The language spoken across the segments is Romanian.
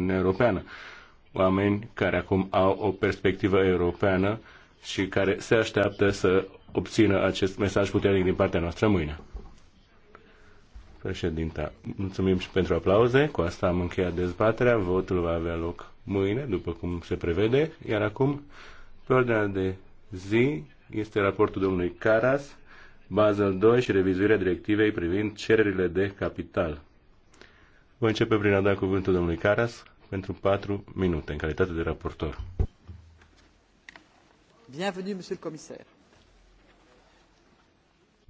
Uniunea Europeană. Oameni care acum au o perspectivă europeană și care se așteaptă să obțină acest mesaj puternic din partea noastră mâine. Președinta, mulțumim și pentru aplauze. Cu asta am încheiat dezbaterea. Votul va avea loc mâine, după cum se prevede. Iar acum, pe ordinea de zi, este raportul domnului Caras, Basel 2 și revizuirea directivei privind cererile de capital. Voi începe prin a da cuvântul domnului Caras pentru 4 minute în calitate de raportor. Bienvenue, monsieur le commissaire.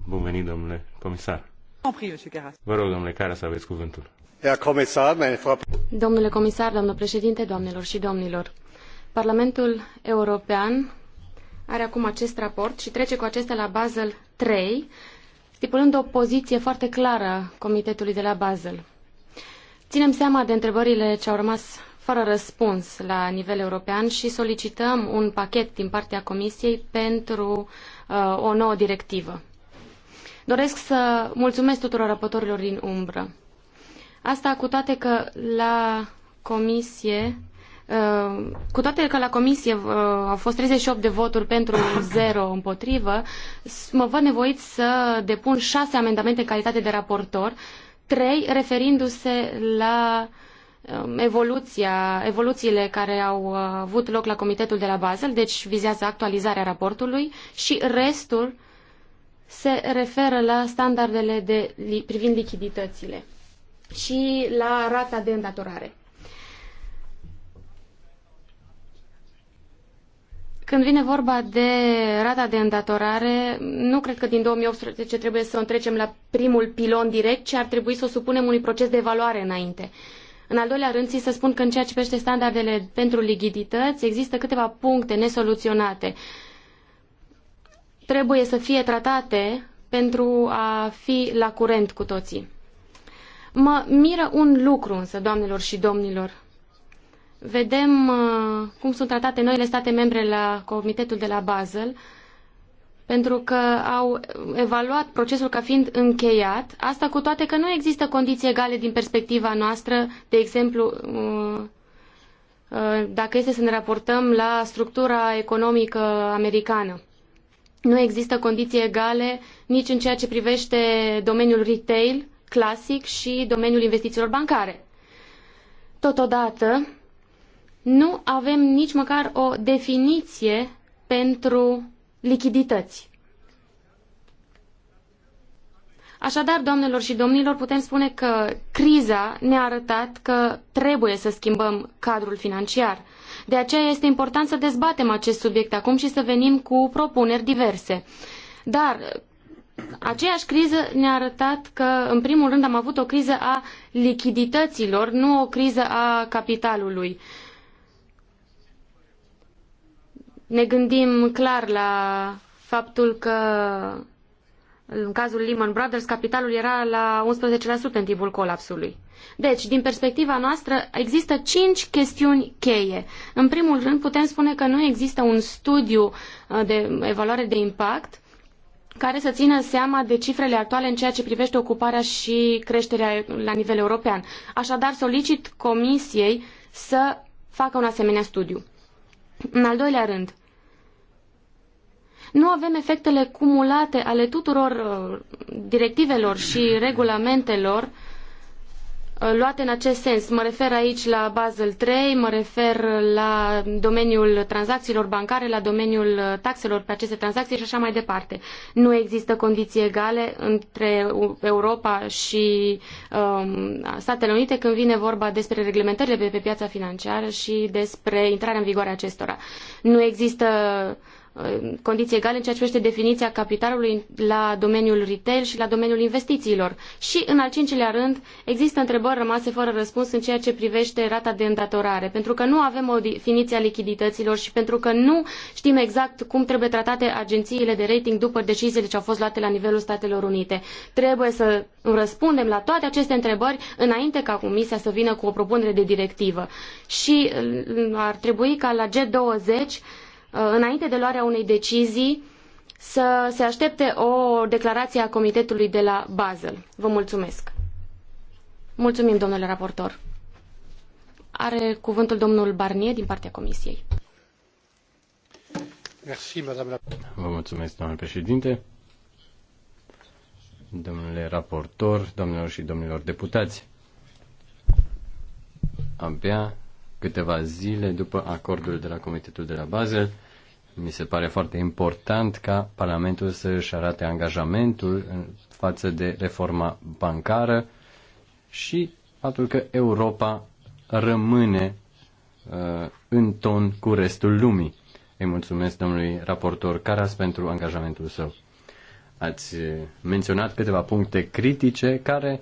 Bun venit, domnule comisar. Vă rog, domnule Caras, să aveți cuvântul. Domnule comisar, doamnă președinte, doamnelor și domnilor, Parlamentul European are acum acest raport și trece cu acesta la Basel III, stipulând o poziție foarte clară Comitetului de la Basel. Ținem seama de întrebările ce au rămas fără răspuns la nivel european și solicităm un pachet din partea Comisiei pentru uh, o nouă directivă. Doresc să mulțumesc tuturor raportorilor din umbră. Asta cu toate că la comisie uh, cu toate că la comisie uh, au fost 38 de voturi pentru 0 împotrivă, mă văd nevoit să depun 6 amendamente în calitate de raportor 3, referindu-se la um, evoluția, evoluțiile care au uh, avut loc la Comitetul de la Basel, deci vizează actualizarea raportului și restul se referă la standardele de, privind lichiditățile și la rata de îndatorare. Când vine vorba de rata de îndatorare, nu cred că din 2018 trebuie să o întrecem la primul pilon direct, ci ar trebui să o supunem unui proces de evaluare înainte. În al doilea rând, să spun că în ceea ce privește standardele pentru lichidități, există câteva puncte nesoluționate. Trebuie să fie tratate pentru a fi la curent cu toții. Mă miră un lucru însă, doamnelor și domnilor vedem uh, cum sunt tratate noile state membre la comitetul de la Basel, pentru că au evaluat procesul ca fiind încheiat, asta cu toate că nu există condiții egale din perspectiva noastră, de exemplu, uh, uh, dacă este să ne raportăm la structura economică americană. Nu există condiții egale nici în ceea ce privește domeniul retail clasic și domeniul investițiilor bancare. Totodată, nu avem nici măcar o definiție pentru lichidități. Așadar, doamnelor și domnilor, putem spune că criza ne-a arătat că trebuie să schimbăm cadrul financiar. De aceea este important să dezbatem acest subiect acum și să venim cu propuneri diverse. Dar aceeași criză ne-a arătat că, în primul rând, am avut o criză a lichidităților, nu o criză a capitalului. Uh, ne gândim clar la faptul că în cazul Lehman Brothers, capitalul era la 11% în timpul colapsului. Deci, din perspectiva noastră, există cinci chestiuni cheie. În primul rând, putem spune că nu există un studiu uh, de evaluare de impact care să țină seama de cifrele actuale în ceea ce privește ocuparea și creșterea la nivel european. Așadar, solicit Comisiei să facă un asemenea studiu. În al doilea rând, nu avem efectele cumulate ale tuturor uh, directivelor și regulamentelor uh, luate în acest sens. Mă refer aici la Basel III, mă refer la domeniul tranzacțiilor bancare, la domeniul uh, taxelor pe aceste tranzacții și așa mai departe. Nu există condiții egale între Europa și um, Statele Unite când vine vorba despre reglementările pe, pe piața financiară și despre intrarea în vigoare a acestora. Nu există uh, Uh, condiții egale în ceea ce privește definiția capitalului la domeniul retail și la domeniul investițiilor. Și, în al cincilea rând, există întrebări rămase fără răspuns în ceea ce privește rata de îndatorare, pentru că nu avem o definiție a lichidităților și pentru că nu știm exact cum trebuie tratate agențiile de rating după deciziile ce au fost luate la nivelul Statelor Unite. Trebuie să răspundem la toate aceste întrebări înainte ca Comisia să vină cu o propunere de directivă. Și uh, ar trebui ca la G20 Uh, înainte de luarea unei decizii, să se aștepte o declarație a Comitetului de la Basel. Vă mulțumesc. Mulțumim, domnule raportor. Are cuvântul domnul Barnier din partea Comisiei. Vă mulțumesc, domnule președinte, domnule raportor, domnilor și domnilor deputați. Abia câteva zile după acordul de la Comitetul de la Basel. Mi se pare foarte important ca Parlamentul să își arate angajamentul în față de reforma bancară și faptul că Europa rămâne uh, în ton cu restul lumii. Îi mulțumesc domnului raportor Caras pentru angajamentul său. Ați menționat câteva puncte critice care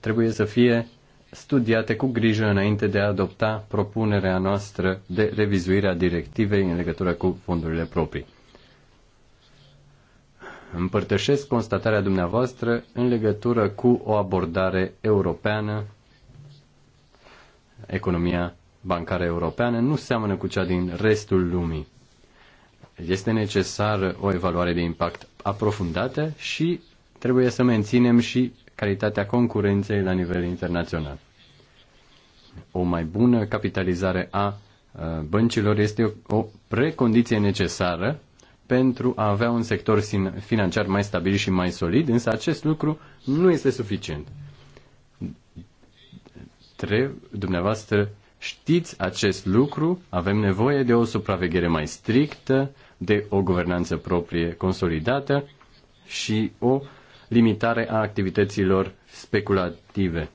trebuie să fie studiate cu grijă înainte de a adopta propunerea noastră de revizuire a directivei în legătură cu fondurile proprii. Împărtășesc constatarea dumneavoastră în legătură cu o abordare europeană. Economia bancară europeană nu seamănă cu cea din restul lumii. Este necesară o evaluare de impact aprofundată și trebuie să menținem și calitatea concurenței la nivel internațional. O mai bună capitalizare a băncilor este o precondiție necesară pentru a avea un sector financiar mai stabil și mai solid, însă acest lucru nu este suficient. Trebuie, dumneavoastră știți acest lucru, avem nevoie de o supraveghere mai strictă, de o guvernanță proprie consolidată și o limitare a activităților speculative.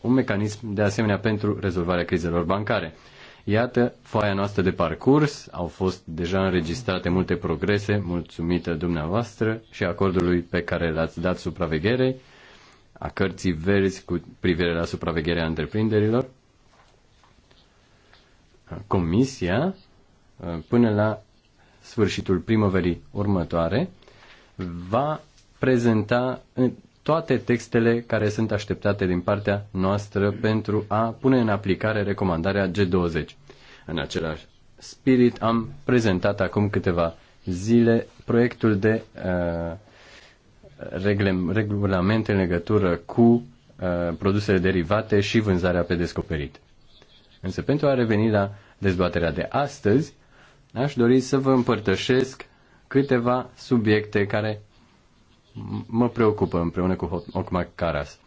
Un mecanism de asemenea pentru rezolvarea crizelor bancare. Iată foaia noastră de parcurs, au fost deja înregistrate multe progrese, mulțumită dumneavoastră și acordului pe care l-ați dat supraveghere, a cărții verzi cu privire la supravegherea întreprinderilor. Comisia, până la sfârșitul primăverii următoare, va prezenta uh, toate textele care sunt așteptate din partea noastră pentru a pune în aplicare recomandarea G20. În același spirit am prezentat acum câteva zile proiectul de uh, regulament în legătură cu uh, produsele derivate și vânzarea pe descoperit. Însă pentru a reveni la dezbaterea de astăzi, aș dori să vă împărtășesc câteva subiecte care mă preocupă împreună cu Ocma Caras.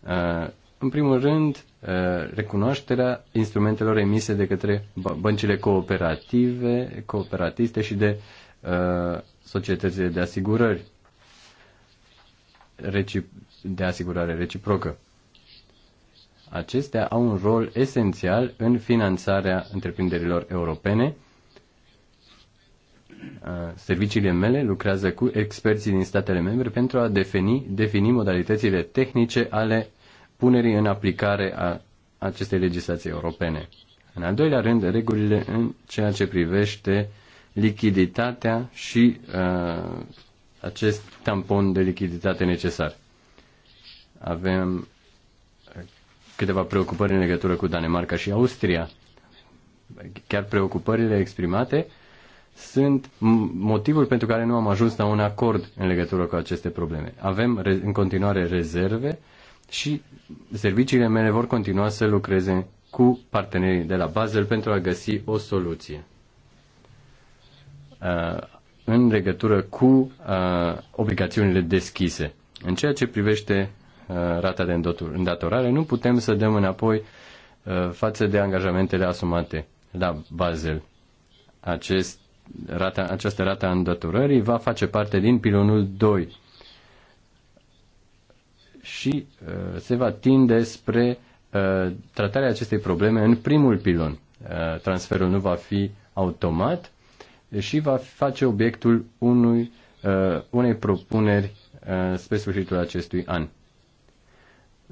Uh, în primul rând, uh, recunoașterea instrumentelor emise de către băncile cooperative, cooperatiste și de uh, societățile de asigurări, de asigurare reciprocă. Acestea au un rol esențial în finanțarea întreprinderilor europene Uh, serviciile mele lucrează cu experții din statele membre pentru a defini, defini modalitățile tehnice ale punerii în aplicare a acestei legislații europene. În al doilea rând, regulile în ceea ce privește lichiditatea și uh, acest tampon de lichiditate necesar. Avem uh, câteva preocupări în legătură cu Danemarca și Austria. Chiar preocupările exprimate uh, sunt motivul pentru care nu am ajuns la un acord în legătură cu aceste probleme. Avem în continuare rezerve și serviciile mele vor continua să lucreze cu partenerii de la Basel pentru a găsi o soluție uh, în legătură cu uh, obligațiunile deschise. În ceea ce privește uh, rata de îndatorare, nu putem să dăm înapoi față de angajamentele asumate la Basel. Acest rata, această a îndătorării va face parte din pilonul 2 și uh, se va tinde spre uh, tratarea acestei probleme în primul pilon. Uh, transferul nu va fi automat și va face obiectul unui, uh, unei propuneri uh, spre sfârșitul acestui an.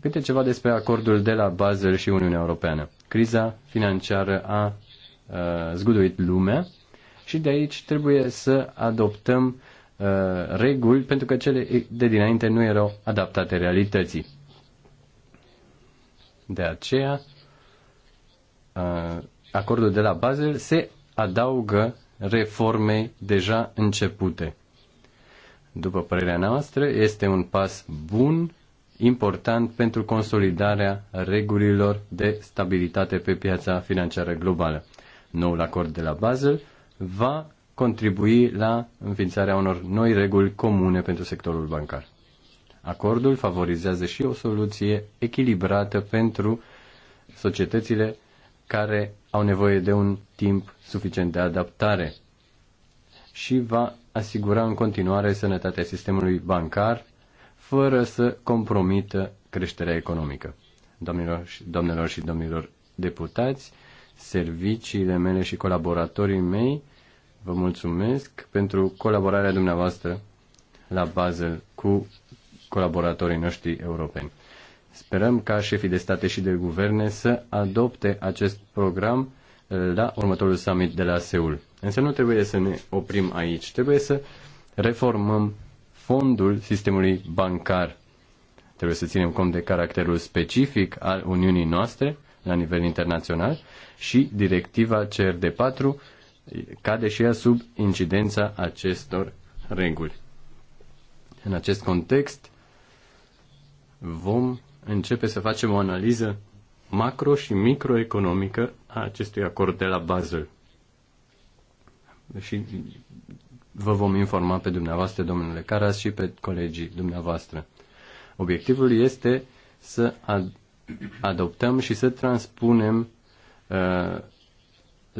Câte ceva despre acordul de la Basel și Uniunea Europeană. Criza financiară a uh, zguduit lumea și de aici trebuie să adoptăm uh, reguli pentru că cele de dinainte nu erau adaptate realității. De aceea, uh, acordul de la Basel se adaugă reformei deja începute. După părerea noastră, este un pas bun, important pentru consolidarea regulilor de stabilitate pe piața financiară globală. Noul acord de la Basel va contribui la înființarea unor noi reguli comune pentru sectorul bancar. Acordul favorizează și o soluție echilibrată pentru societățile care au nevoie de un timp suficient de adaptare și va asigura în continuare sănătatea sistemului bancar fără să compromită creșterea economică. Doamnelor și, și domnilor deputați, serviciile mele și colaboratorii mei. Vă mulțumesc pentru colaborarea dumneavoastră la bază cu colaboratorii noștri europeni. Sperăm ca șefii de state și de guverne să adopte acest program uh, la următorul summit de la Seul. Însă nu trebuie să ne oprim aici, trebuie să reformăm fondul sistemului bancar. Trebuie să ținem cont de caracterul specific al Uniunii noastre la nivel internațional și directiva CRD4 cade și ea sub incidența acestor reguli. În acest context vom începe să facem o analiză macro și microeconomică a acestui acord de la Basel. Și vă vom informa pe dumneavoastră, domnule Caras, și pe colegii dumneavoastră. Obiectivul este să ad- adoptăm și să transpunem, uh,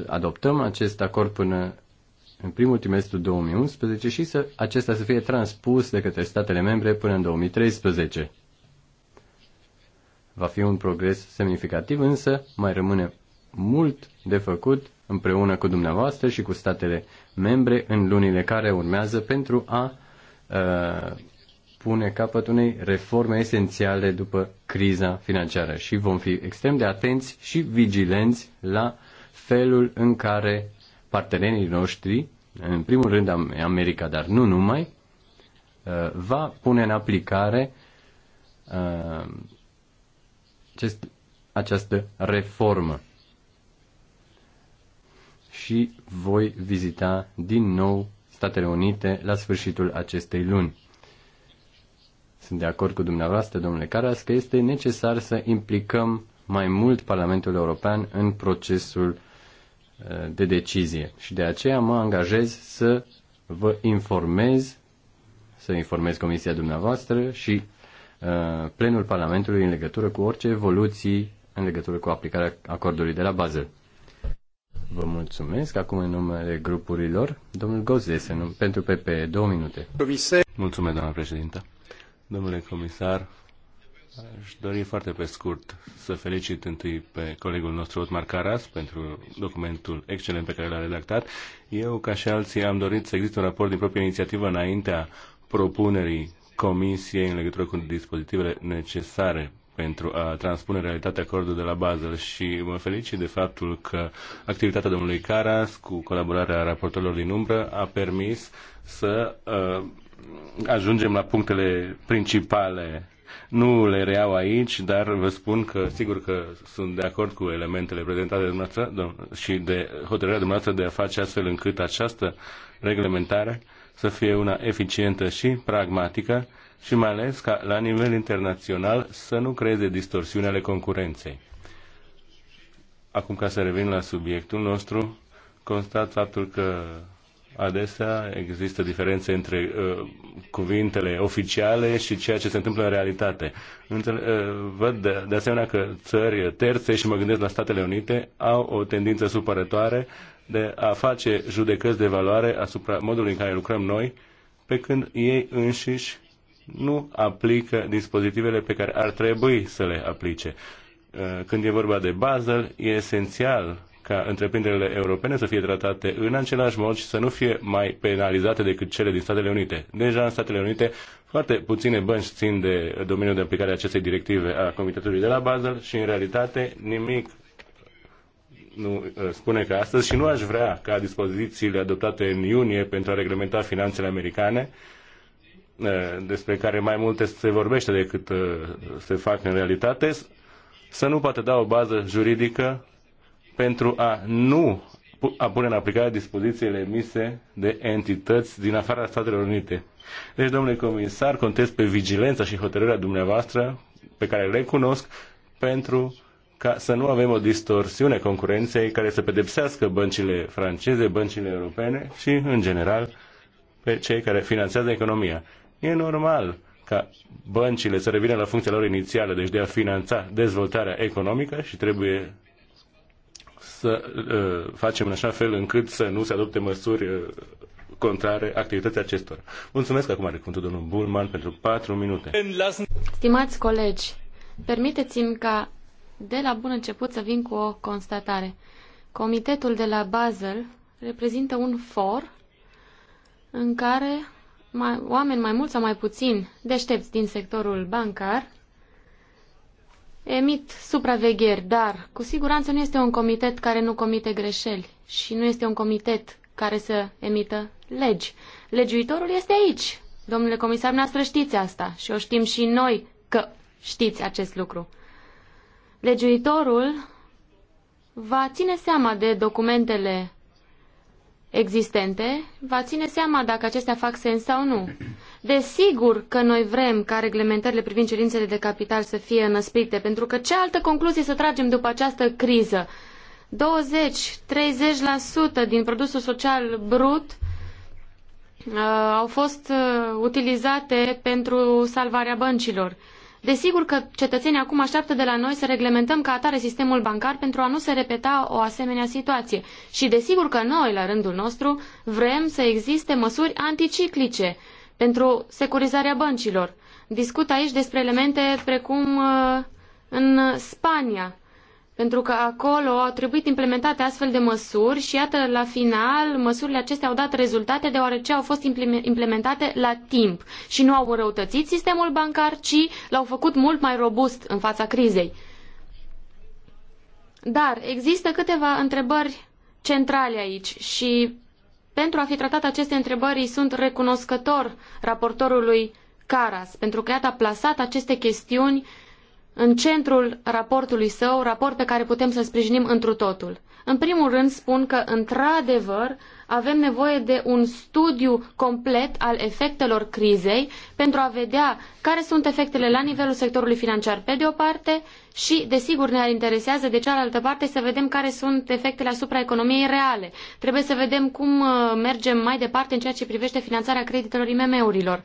adoptăm acest acord până în primul trimestru 2011 și să acesta să fie transpus de către statele membre până în 2013. Va fi un progres semnificativ, însă mai rămâne mult de făcut împreună cu dumneavoastră și cu statele membre în lunile care urmează pentru a uh, pune capăt unei reforme esențiale după criza financiară și vom fi extrem de atenți și vigilenți la felul în care partenerii noștri, în primul rând America, dar nu numai, uh, va pune în aplicare uh, această reformă. Și voi vizita din nou Statele Unite la sfârșitul acestei luni sunt de acord cu dumneavoastră, domnule Caras, că este necesar să implicăm mai mult Parlamentul European în procesul uh, de decizie. Și de aceea mă angajez să vă informez, să informez Comisia dumneavoastră și uh, plenul Parlamentului în legătură cu orice evoluții în legătură cu aplicarea acordului de la Basel. Vă mulțumesc. Acum în numele grupurilor, domnul Gozese, pentru PP, două minute. Mulțumesc, doamna președintă. Domnule comisar, aș dori foarte pe scurt să felicit întâi pe colegul nostru Otmar Caras pentru documentul excelent pe care l-a redactat. Eu, ca și alții, am dorit să existe un raport din proprie inițiativă înaintea propunerii Comisiei în legătură cu dispozitivele necesare pentru a transpune realitatea acordului de la Basel și mă felicit de faptul că activitatea domnului Caras cu colaborarea raportorilor din umbră a permis să uh, ajungem la punctele principale. Nu le reau aici, dar vă spun că sigur că sunt de acord cu elementele prezentate de dumneavoastră și de hotărârea dumneavoastră de a face astfel încât această reglementare să fie una eficientă și pragmatică și mai ales ca la nivel internațional să nu creeze distorsiuni ale concurenței. Acum ca să revin la subiectul nostru, constat faptul că adesea există diferențe între uh, cuvintele oficiale și ceea ce se întâmplă în realitate. Înțel- uh, văd de, de asemenea că țări terțe, și mă gândesc la Statele Unite, au o tendință supărătoare de a face judecăți de valoare asupra modului în care lucrăm noi, pe când ei înșiși nu aplică dispozitivele pe care ar trebui să le aplice. Uh, când e vorba de Basel, e esențial ca întreprinderile europene să fie tratate în același mod și să nu fie mai penalizate decât cele din Statele Unite. Deja în Statele Unite foarte puține bănci țin de domeniul de aplicare a acestei directive a Comitetului de la Basel și în realitate nimic nu uh, spune că astăzi și nu aș vrea ca dispozițiile adoptate în iunie pentru a reglementa finanțele americane uh, despre care mai multe se vorbește decât uh, se fac în realitate, să nu poate da o bază juridică pentru a nu a pune în aplicare dispozițiile emise de entități din afara Statelor Unite. Deci, domnule comisar, contez pe vigilența și hotărârea dumneavoastră, pe care le cunosc, pentru ca să nu avem o distorsiune concurenței care să pedepsească băncile franceze, băncile europene și, în general, pe cei care finanțează economia. E normal ca băncile să revină la funcția lor inițială, deci de a finanța dezvoltarea economică și trebuie să uh, facem în așa fel încât să nu se adopte măsuri uh, contrare activității acestora. Mulțumesc acum are cuvântul domnul Bulman pentru patru minute. Stimați colegi, permiteți-mi ca de la bun început să vin cu o constatare. Comitetul de la Basel reprezintă un for în care mai, oameni mai mult sau mai puțin deștepți din sectorul bancar emit supravegheri, dar cu siguranță nu este un comitet care nu comite greșeli și nu este un comitet care să emită legi. Legiuitorul este aici. Domnule comisar, noastră știți asta și o știm și noi că știți acest lucru. Legiuitorul va ține seama de documentele existente va ține seama dacă acestea fac sens sau nu. Desigur că noi vrem ca reglementările privind cerințele de capital să fie înăsprite, pentru că ce altă concluzie să tragem după această criză? 20-30% din produsul social brut uh, au fost uh, utilizate pentru salvarea băncilor. Uh, Desigur că cetățenii acum așteaptă de la noi să reglementăm ca atare sistemul bancar pentru a nu se repeta o asemenea situație. Și desigur că noi, la rândul nostru, vrem să existe măsuri anticiclice pentru securizarea băncilor. Discut aici despre elemente precum uh, în Spania, pentru că acolo au trebuit implementate astfel de măsuri și iată, la final, măsurile acestea au dat rezultate deoarece au fost implementate la timp și nu au înrăutățit sistemul bancar, ci l-au făcut mult mai robust în fața crizei. Dar există câteva întrebări centrale aici și pentru a fi tratat aceste întrebări sunt recunoscător raportorului Caras, pentru că iată a plasat aceste chestiuni uh, în centrul raportului său, raport pe care putem să-l sprijinim întru totul. În primul rând spun că, într-adevăr, avem nevoie de un studiu complet al efectelor crizei pentru a vedea care sunt efectele la nivelul sectorului financiar pe de o parte și, desigur, ne-ar interesează de cealaltă parte să vedem care sunt efectele asupra economiei reale. Trebuie să vedem cum uh, mergem mai departe în ceea ce privește finanțarea creditelor IMM-urilor.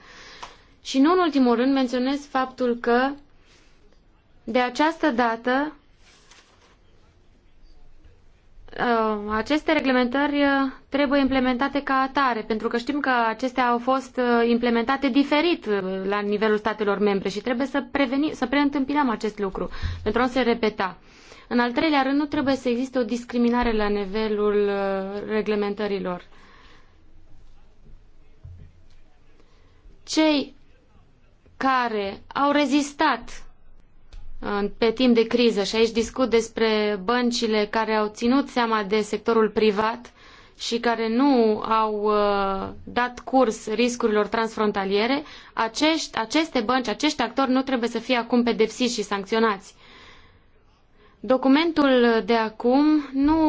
Și nu în ultimul rând menționez faptul că de această dată, uh, aceste reglementări uh, trebuie implementate ca atare, pentru că știm că acestea au fost uh, implementate diferit la nivelul statelor membre și trebuie să, preveni, să preîntâmpinăm acest lucru, pentru a nu se repeta. În al treilea rând, nu trebuie să existe o discriminare la nivelul reglementărilor. Cei care au rezistat pe timp de criză și aici discut despre băncile care au ținut seama de sectorul privat și care nu au uh, dat curs riscurilor transfrontaliere, acești, aceste bănci, acești actori nu trebuie să fie acum pedepsiți și sancționați. Documentul de acum nu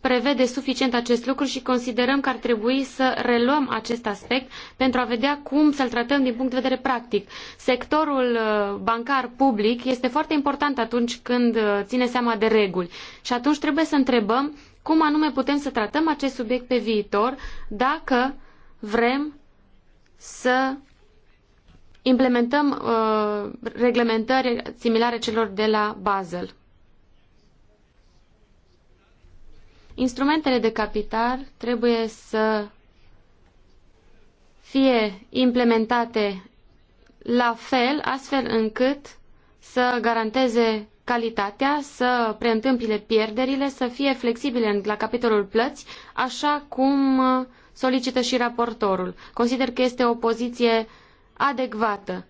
prevede suficient acest lucru și considerăm că ar trebui să reluăm acest aspect pentru a vedea cum să-l tratăm din punct de vedere practic. Sectorul uh, bancar public este foarte important atunci când uh, ține seama de reguli și atunci trebuie să întrebăm cum anume putem să tratăm acest subiect pe viitor dacă vrem să implementăm uh, reglementări similare celor de la Basel. Instrumentele de capital trebuie să fie implementate la fel, astfel încât să garanteze calitatea, să preîntâmpile pierderile, să fie flexibile la capitolul plăți, așa cum uh, solicită și raportorul. Consider că este o poziție adecvată.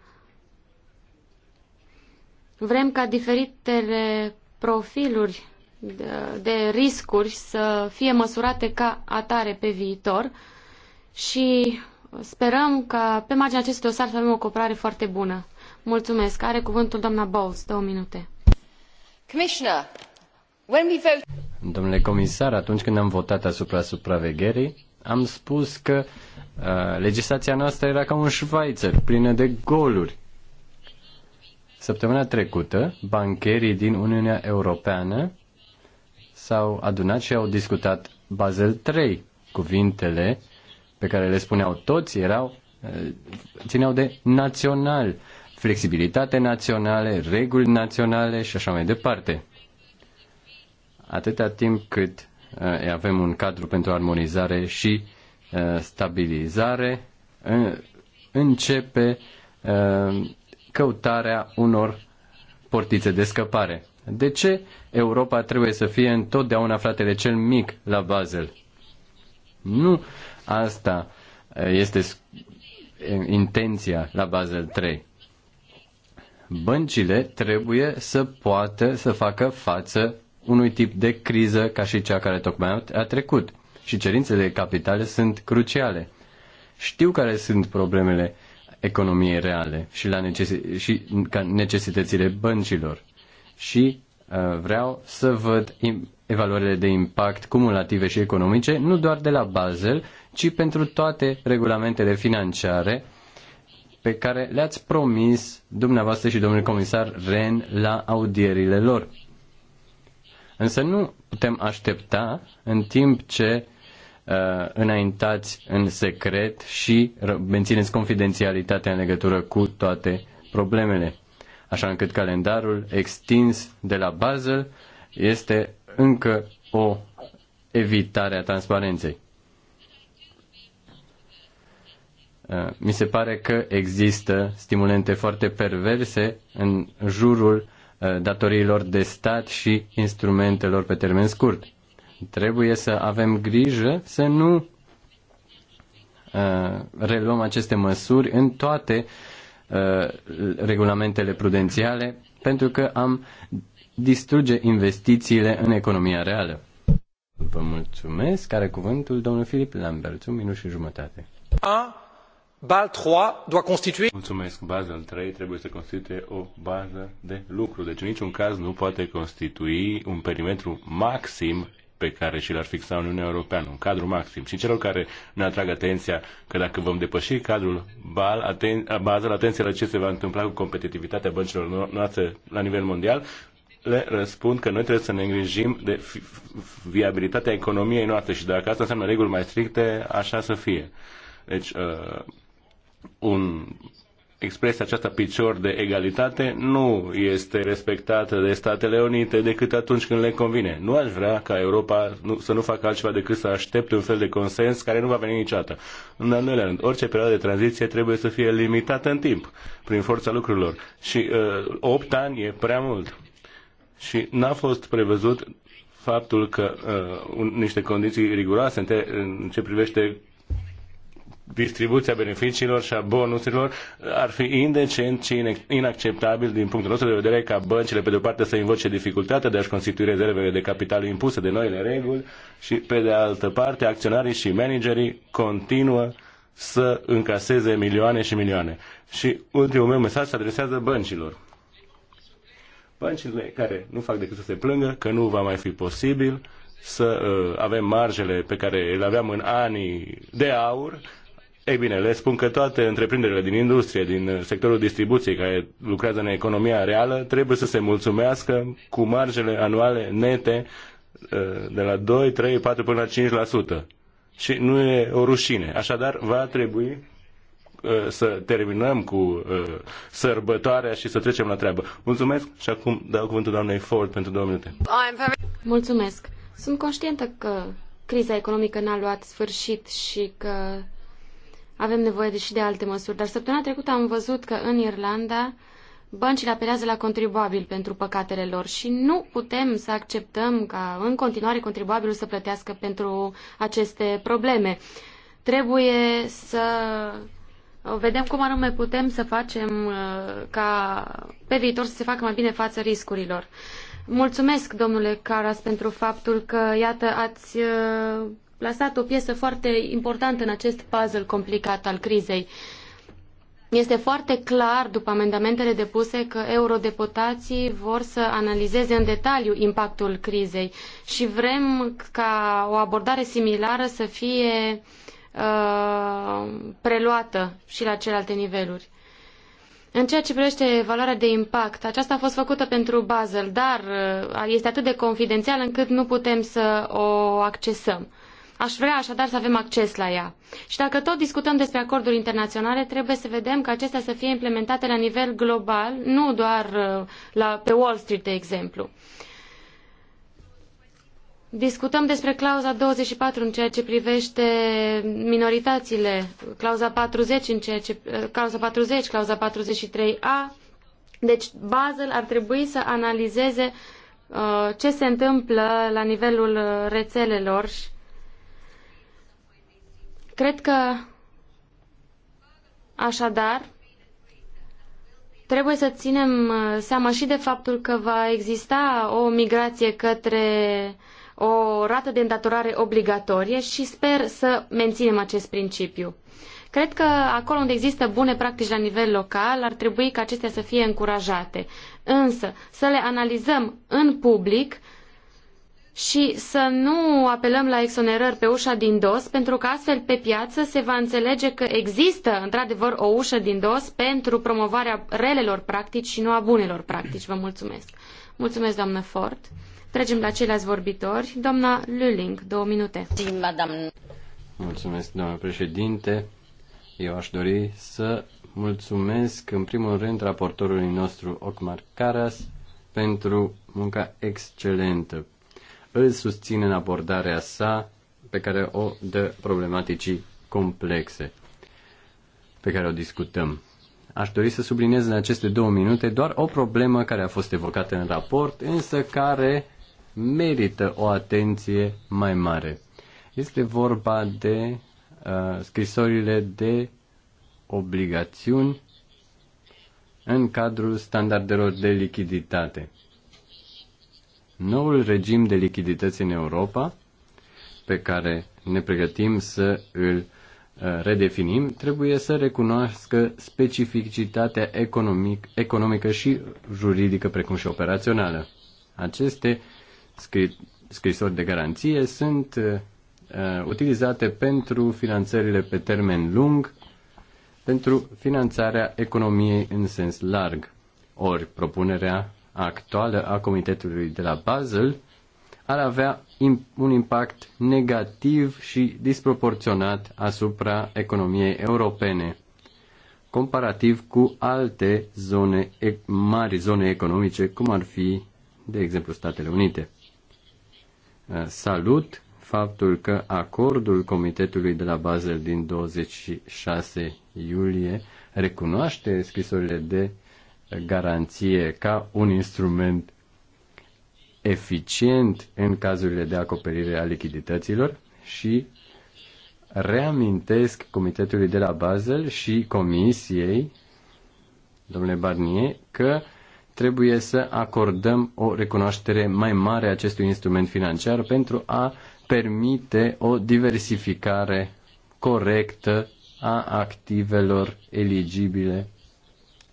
Vrem ca diferitele profiluri de riscuri să fie măsurate ca atare pe viitor și sperăm că pe marginea acestui dosar să avem o cooperare foarte bună. Mulțumesc. Are cuvântul doamna Bowles. Două minute. Domnule comisar, atunci când am votat asupra supravegherii, am spus că uh, legislația noastră era ca un șvaițăr, plină de goluri. Săptămâna trecută, bancherii din Uniunea Europeană s-au adunat și au discutat Basel 3. Cuvintele pe care le spuneau toți erau eh, țineau de național, flexibilitate naționale, reguli naționale și așa mai departe. Atâta timp cât uh, avem un cadru pentru armonizare și uh, stabilizare, în, începe uh, căutarea unor portițe de scăpare. De ce Europa trebuie să fie întotdeauna fratele cel mic la Basel? Nu asta eh, este intenția la Basel 3. Băncile trebuie să poată să facă față unui tip de criză ca și cea care tocmai a trecut. Și cerințele de capitale sunt cruciale. Știu care sunt problemele economiei reale și, la necesi- și ca necesitățile băncilor și uh, vreau să văd evaluările de impact cumulative și economice, nu doar de la Basel, ci pentru toate regulamentele financiare pe care le-ați promis dumneavoastră și domnul comisar Ren la audierile lor. Însă nu putem aștepta în timp ce uh, înaintați în secret și mențineți confidențialitatea în legătură cu toate problemele așa încât calendarul extins de la Basel este încă o evitare a transparenței. Uh, mi se pare că există stimulente foarte perverse în jurul uh, datoriilor de stat și instrumentelor pe termen scurt. Trebuie să avem grijă să nu uh, reluăm aceste măsuri în toate uh, Uh, regulamentele prudențiale, pentru că am distruge investițiile în economia reală. Vă mulțumesc. Care cuvântul domnul Filip Lambert, un minut și jumătate. A, Bal 3 doit constitui... Mulțumesc. Basel 3 trebuie să constituie o bază de lucru. Deci în niciun caz nu poate constitui un perimetru maxim pe care și l-ar fixa Uniunea Europeană, un cadru maxim. Și celor care ne atrag atenția că dacă vom depăși cadrul BAL, aten- bază atenție la ce se va întâmpla cu competitivitatea băncilor noastre la nivel mondial, le răspund că noi trebuie să ne îngrijim de viabilitatea economiei noastre și dacă asta înseamnă reguli mai stricte, așa să fie. Deci, uh, un expresia aceasta picior de egalitate nu este respectată de Statele Unite decât atunci când le convine. Nu aș vrea ca Europa nu, să nu facă altceva decât să aștepte un fel de consens care nu va veni niciodată. În al doilea rând, orice perioadă de tranziție trebuie să fie limitată în timp, prin forța lucrurilor. Și uh, 8 ani e prea mult. Și n-a fost prevăzut faptul că uh, un, niște condiții riguroase în, te, în ce privește distribuția beneficiilor și a bonusurilor ar fi indecent și inacceptabil din punctul nostru de vedere ca băncile pe de o parte să invoce dificultatea de a-și constitui rezervele de capital impuse de noile reguli și pe de altă parte acționarii și managerii continuă să încaseze milioane și milioane. Și ultimul meu mesaj se adresează băncilor. Băncile care nu fac decât să se plângă că nu va mai fi posibil să uh, avem marjele pe care le aveam în anii de aur ei bine, le spun că toate întreprinderile din industrie, din sectorul distribuției care lucrează în economia reală, trebuie să se mulțumească cu marjele anuale nete uh, de la 2, 3, 4 până la 5%. Și nu e o rușine. Așadar, va trebui uh, să terminăm cu uh, sărbătoarea și să trecem la treabă. Mulțumesc și acum dau cuvântul doamnei Ford pentru două minute. Mulțumesc. Sunt conștientă că criza economică n-a luat sfârșit și că avem nevoie de și de alte măsuri, dar săptămâna trecută am văzut că în Irlanda băncile apelează la contribuabil pentru păcatele lor și nu putem să acceptăm ca în continuare contribuabilul să plătească pentru aceste probleme. Trebuie să vedem cum anume putem să facem uh, ca pe viitor să se facă mai bine față riscurilor. Mulțumesc, domnule Caras, pentru faptul că, iată, ați uh, plasat o piesă foarte importantă în acest puzzle complicat al crizei. Este foarte clar, după amendamentele depuse, că eurodeputații vor să analizeze în detaliu impactul crizei și vrem ca o abordare similară să fie uh, preluată și la celelalte niveluri. În ceea ce privește valoarea de impact, aceasta a fost făcută pentru Basel, dar uh, este atât de confidențial încât nu putem să o accesăm. Aș vrea așadar să avem acces la ea. Și dacă tot discutăm despre acorduri internaționale, trebuie să vedem că acestea să fie implementate la nivel global, nu doar uh, la, pe Wall Street, de exemplu. Discutăm despre clauza 24 în ceea ce privește minoritățile, clauza 40 în ceea ce uh, clauza 40, clauza 43A. Deci Basel ar trebui să analizeze uh, ce se întâmplă la nivelul uh, rețelelor și Cred că, așadar, trebuie să ținem uh, seama și de faptul că va exista o migrație către o rată de îndatorare obligatorie și sper să menținem acest principiu. Cred că acolo unde există bune practici la nivel local, ar trebui ca acestea să fie încurajate. Însă, să le analizăm în public și să nu apelăm la exonerări pe ușa din dos, pentru că astfel pe piață se va înțelege că există într-adevăr o ușă din dos pentru promovarea relelor practici și nu a bunelor practici. Vă mulțumesc. Mulțumesc, doamnă Ford. Trecem la ceilalți vorbitori. Doamna Luling, două minute. Mulțumesc, doamnă președinte. Eu aș dori să mulțumesc în primul rând raportorului nostru Ocmar Caras pentru munca excelentă îl susțin în abordarea sa pe care o dă problematicii complexe pe care o discutăm. Aș dori să subliniez în aceste două minute doar o problemă care a fost evocată în raport, însă care merită o atenție mai mare. Este vorba de uh, scrisorile de obligațiuni în cadrul standardelor de lichiditate noul regim de lichidități în Europa, pe care ne pregătim să îl uh, redefinim, trebuie să recunoască specificitatea economic, economică și juridică, precum și operațională. Aceste scri, scrisori de garanție sunt uh, uh utilizate pentru finanțările pe termen lung, pentru finanțarea economiei în sens larg. Ori propunerea actuală a Comitetului de la Basel ar avea un impact negativ și disproporționat asupra economiei europene, comparativ cu alte zone, mari zone economice, cum ar fi, de exemplu, Statele Unite. Uh, salut faptul că acordul Comitetului de la Basel din 26 iulie recunoaște scrisorile de garanție ca un instrument eficient în cazurile de acoperire a lichidităților și reamintesc Comitetului de la Basel și Comisiei, domnule Barnier, că trebuie să acordăm o recunoaștere mai mare acestui instrument financiar pentru a permite o diversificare corectă a activelor eligibile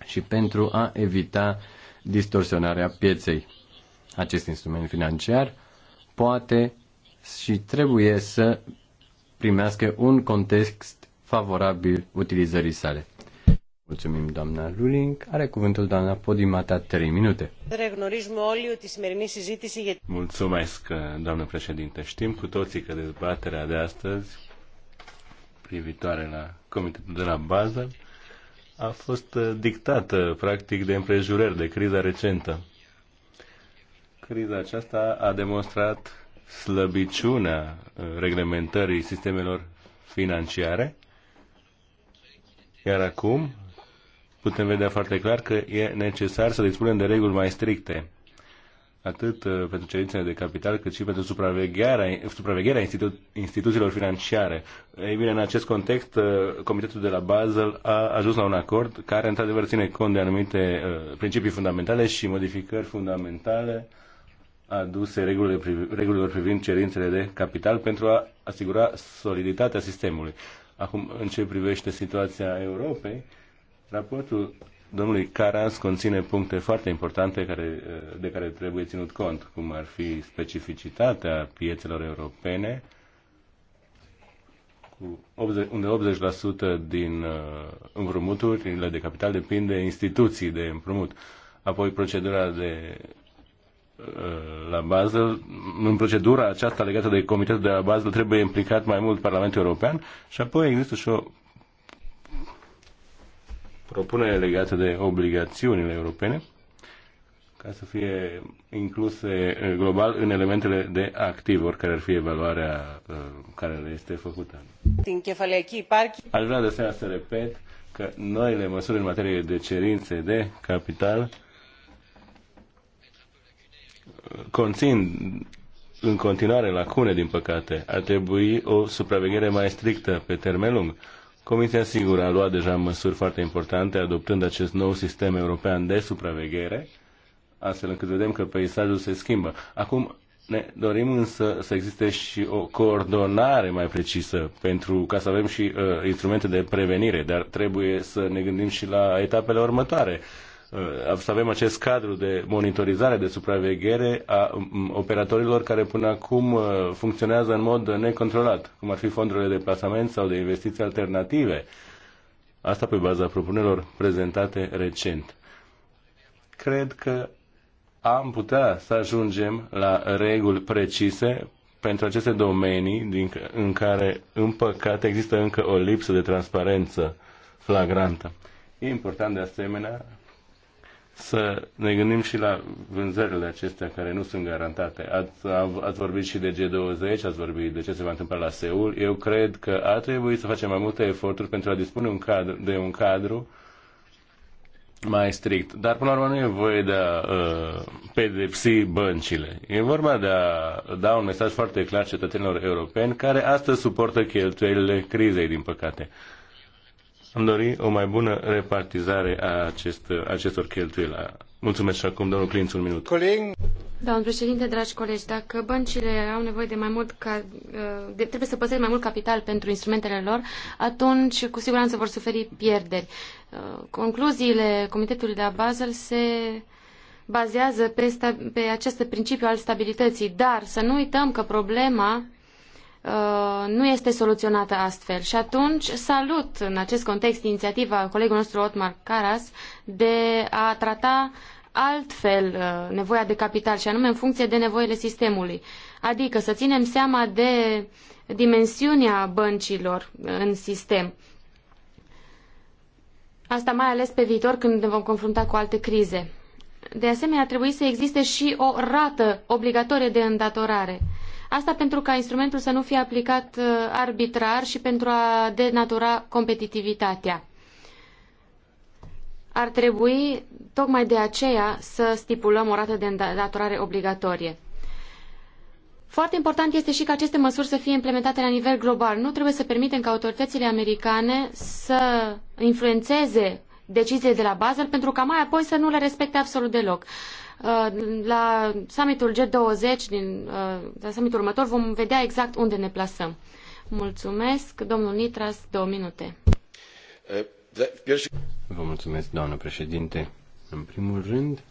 și pentru a evita distorsionarea pieței. Acest instrument financiar poate și trebuie să primească un context favorabil utilizării sale. Mulțumim, doamna Luling. Are cuvântul doamna Podimata 3 minute. Mulțumesc, doamnă președinte. Știm cu toții că dezbaterea de astăzi privitoare la Comitetul de la bază a fost uh, dictată, practic, de împrejurări, de criza recentă. Criza aceasta a demonstrat slăbiciunea uh, reglementării sistemelor financiare, iar acum putem vedea foarte clar că e necesar să dispunem de reguli mai stricte atât uh, pentru cerințele de capital, cât și pentru supravegherea, supravegherea institu- instituțiilor financiare. Ei bine, în acest context, uh, Comitetul de la Basel a ajuns la un acord care, într-adevăr, ține cont de anumite uh, principii fundamentale și modificări fundamentale aduse regulilor privind cerințele de capital pentru a asigura soliditatea sistemului. Acum, în ce privește situația Europei, raportul domnului Caras conține puncte foarte importante care, de care trebuie ținut cont, cum ar fi specificitatea piețelor europene, cu 80, unde 80% din uh, împrumuturile de capital depinde de instituții de împrumut. Apoi procedura de uh, la bază, în procedura aceasta legată de comitetul de la bază trebuie implicat mai mult Parlamentul European și apoi există și o propunere legată de obligațiunile europene ca să fie incluse eh, global în elementele de activ, oricare ar fi evaluarea eh, care le este făcută. Aș vrea de asemenea să repet că noile măsuri în materie de cerințe de capital eh, conțin în continuare lacune, din păcate. Ar trebui o supraveghere mai strictă pe termen lung Comisia, sigur, a luat deja măsuri foarte importante adoptând acest nou sistem european de supraveghere, astfel încât vedem că peisajul se schimbă. Acum, ne dorim însă să existe și o coordonare mai precisă pentru ca să avem și uh, instrumente de prevenire, dar trebuie să ne gândim și la etapele următoare. Uh, Uh, să avem acest cadru de monitorizare, de supraveghere a mm, operatorilor care până acum uh, funcționează în mod necontrolat, cum ar fi fondurile de plasament sau de investiții alternative. Asta pe baza propunerilor prezentate recent. Cred că am putea să ajungem la reguli precise pentru aceste domenii din, în care, în păcate, există încă o lipsă de transparență flagrantă. E important, de asemenea, să ne gândim și la vânzările acestea care nu sunt garantate. Ați, ați vorbit și de G20, ați vorbit de ce se va întâmpla la Seul. Eu cred că ar trebui să facem mai multe eforturi pentru a dispune un cadru, de un cadru mai strict. Dar până la urmă nu e voie de a uh, pedepsi băncile. E vorba de a da un mesaj foarte clar cetățenilor europeni care astăzi suportă cheltuielile crizei, din păcate. Uh, am dori o mai bună repartizare a acest, acestor cheltuieli. Mulțumesc și acum, domnul Clinț, un minut. Coleg. Domnul președinte, dragi colegi, dacă băncile au nevoie de mai mult, ca, uh, de, trebuie să păstreze mai mult capital pentru instrumentele lor, atunci cu siguranță vor suferi pierderi. Uh, concluziile Comitetului de la Basel se bazează pe, pe acest principiu al stabilității, dar să nu uităm că problema Uh, nu este soluționată astfel. Și atunci salut în acest context inițiativa colegului nostru Otmar Caras de a trata altfel uh, nevoia de capital și anume în funcție de nevoile sistemului. Adică să ținem seama de dimensiunea băncilor în sistem. Asta mai ales pe viitor când ne vom confrunta cu alte crize. De asemenea, ar trebui să existe și o rată obligatorie de îndatorare. Asta pentru ca instrumentul să nu fie aplicat uh, arbitrar și pentru a denatura competitivitatea. Ar trebui tocmai de aceea să stipulăm o rată de îndatorare obligatorie. Foarte important este și ca aceste măsuri să fie implementate la nivel global. Nu trebuie să permitem ca autoritățile americane să influențeze deciziile de la Basel pentru ca mai apoi să nu le respecte absolut deloc. Uh, la summitul G20, din, uh, la summitul următor, vom vedea exact unde ne plasăm. Mulțumesc. Domnul Nitras, două minute. Vă mulțumesc, doamnă președinte. În primul rând,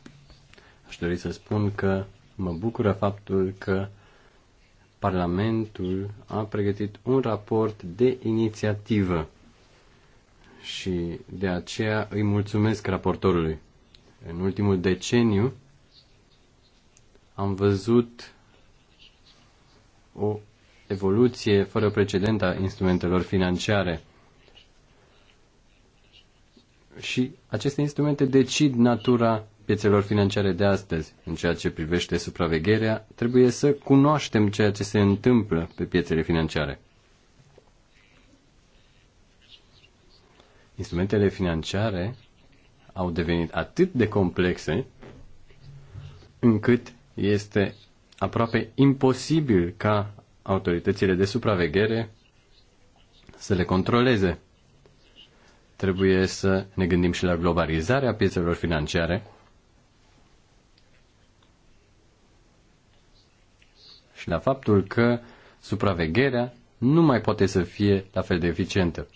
aș dori să spun că mă bucură faptul că Parlamentul a pregătit un raport de inițiativă și de aceea îi mulțumesc raportorului. În ultimul deceniu, am văzut o evoluție fără precedent a instrumentelor financiare. Și aceste instrumente decid natura piețelor financiare de astăzi. În ceea ce privește supravegherea, trebuie să cunoaștem ceea ce se întâmplă pe piețele financiare. Instrumentele financiare au devenit atât de complexe încât este aproape imposibil ca autoritățile de supraveghere să le controleze. Trebuie să ne gândim și la globalizarea piețelor financiare și la faptul că supravegherea nu mai poate să fie la fel de eficientă.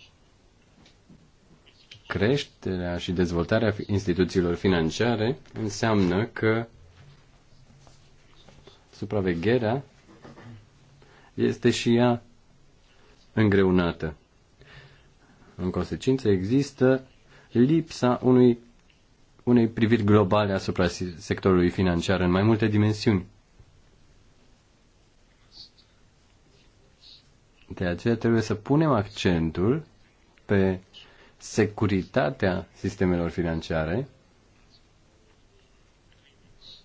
Creșterea și dezvoltarea instituțiilor financiare înseamnă că supravegherea este și ea îngreunată. În consecință, există lipsa unui, unei priviri globale asupra sectorului financiar în mai multe dimensiuni. De aceea trebuie să punem accentul pe securitatea sistemelor financiare,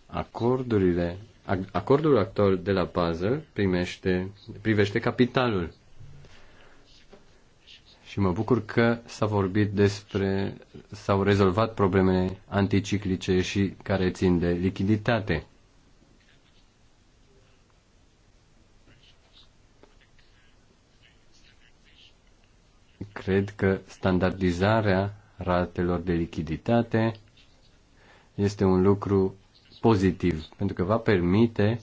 acordurile Acordul actual de la Basel primește, privește capitalul. Și mă bucur că s-a vorbit despre, s-au rezolvat problemele anticiclice și care țin de lichiditate. Cred că standardizarea ratelor de lichiditate este un lucru pozitiv, pentru că va permite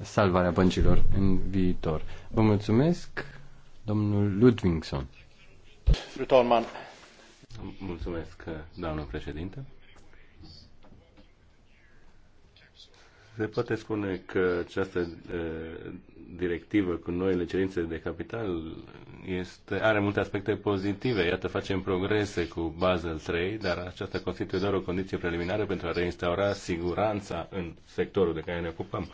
salvarea băncilor în viitor. Vă mulțumesc, domnul Ludvingson. Mulțumesc, doamnă președinte. Se poate spune că această directivă cu noile cerințe de capital este, are multe aspecte pozitive. Iată, facem progrese cu Basel 3, dar aceasta constituie doar o condiție preliminară pentru a reinstaura siguranța în sectorul de care ne ocupăm.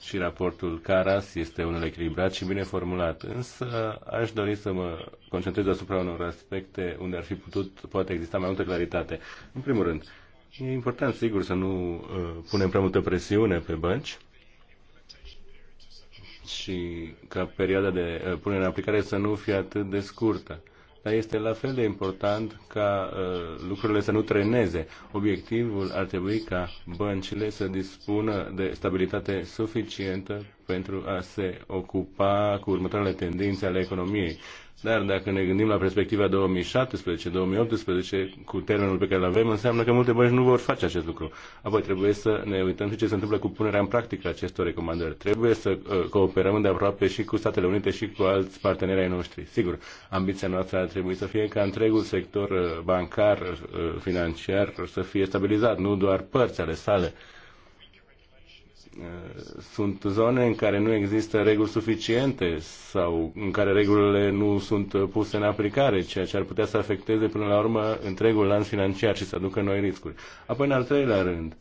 Și raportul Caras este unul echilibrat și bine formulat, însă aș dori să mă concentrez asupra unor aspecte unde ar fi putut, poate exista mai multă claritate. În primul rând, uh, E important, sigur, să nu uh, punem prea multă presiune pe bănci și ca perioada de uh, punere în aplicare să nu fie atât de scurtă. Dar este la fel de important ca uh, lucrurile să nu treneze. Obiectivul ar trebui ca băncile să dispună de stabilitate suficientă pentru a se ocupa cu următoarele tendințe ale economiei. Dar dacă ne gândim la perspectiva 2017-2018, cu termenul pe care îl avem, înseamnă că multe bănci nu vor face acest lucru. Apoi trebuie să ne uităm și ce se întâmplă cu punerea în practică acestor recomandări. Trebuie să uh, cooperăm de aproape și cu Statele Unite și cu alți parteneri ai noștri. Sigur, ambiția noastră ar trebui să fie ca întregul sector uh, bancar, uh, financiar, să fie stabilizat, nu doar părți ale sale. Eh, sunt zone în care nu există reguli suficiente sau în care regulile nu sunt puse în aplicare, ceea ce ar putea să afecteze până la urmă întregul lanț financiar și să aducă noi riscuri. Apoi, în al treilea rând,